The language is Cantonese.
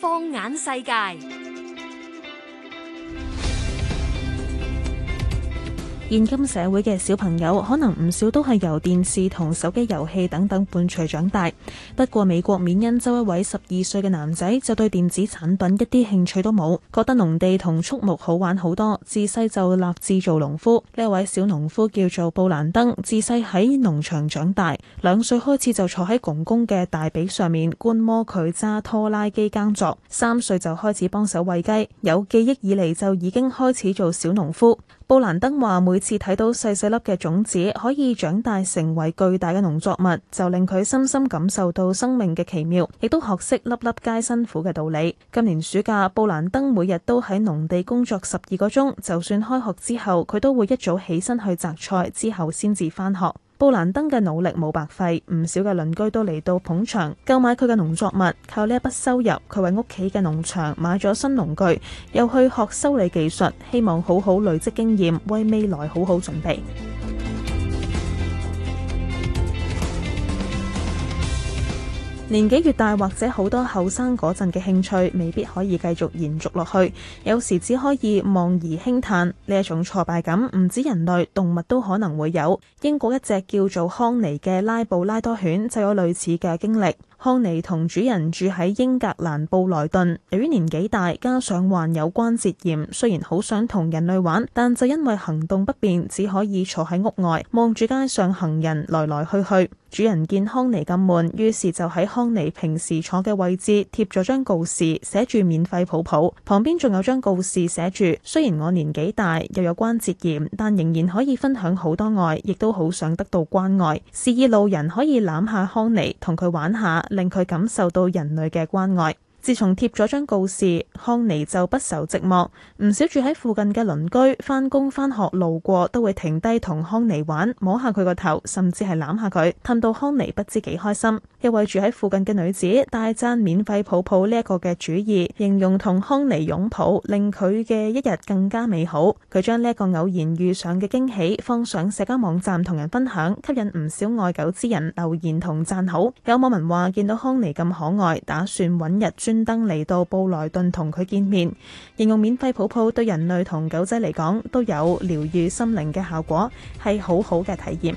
放眼世界。現今社會嘅小朋友可能唔少都係由電視同手機遊戲等等伴隨長大。不過美國緬因州一位十二歲嘅男仔就對電子產品一啲興趣都冇，覺得農地同畜牧好玩好多，自細就立志做農夫。呢位小農夫叫做布蘭登，自細喺農場長大，兩歲開始就坐喺公公嘅大髀上面觀摩佢揸拖拉機耕作，三歲就開始幫手餵雞，有記憶以嚟就已經開始做小農夫。布蘭登話：每次睇到細細粒嘅種子可以長大成為巨大嘅農作物，就令佢深深感受到生命嘅奇妙，亦都學識粒粒皆辛苦嘅道理。今年暑假，布蘭登每日都喺農地工作十二個鐘，就算開學之後，佢都會一早起身去摘菜，之後先至返學。布蘭登嘅努力冇白費，唔少嘅鄰居都嚟到捧場，購買佢嘅農作物。靠呢一筆收入，佢為屋企嘅農場買咗新農具，又去學修理技術，希望好好累積經驗，為未來好好準備。年紀越大，或者好多後生嗰陣嘅興趣未必可以繼續延續落去，有時只可以望而興嘆。呢一種挫敗感，唔止人類，動物都可能會有。英國一隻叫做康尼嘅拉布拉多犬就有類似嘅經歷。康尼同主人住喺英格蘭布萊頓。由於年紀大，加上患有關節炎，雖然好想同人類玩，但就因為行動不便，只可以坐喺屋外，望住街上行人來來去去。主人見康尼咁悶，於是就喺康尼平時坐嘅位置貼咗張告示，寫住免費抱抱。旁邊仲有張告示寫住：雖然我年紀大，又有關節炎，但仍然可以分享好多愛，亦都好想得到關愛。示意路人可以攬下康尼，同佢玩下。令佢感受到人類嘅關愛。自從貼咗張告示，康尼就不受寂寞。唔少住喺附近嘅鄰居返工返學路過都會停低同康尼玩，摸下佢個頭，甚至係攬下佢，氹到康尼不知幾開心。一位住喺附近嘅女子大讚免費抱抱呢一個嘅主意，形容同康尼擁抱令佢嘅一日更加美好。佢將呢一個偶然遇上嘅驚喜放上社交網站同人分享，吸引唔少愛狗之人留言同讚好。有網民話見到康尼咁可愛，打算揾日專登嚟到布萊頓同佢見面，形容免費抱抱對人類同狗仔嚟講都有療愈心靈嘅效果，係好好嘅體驗。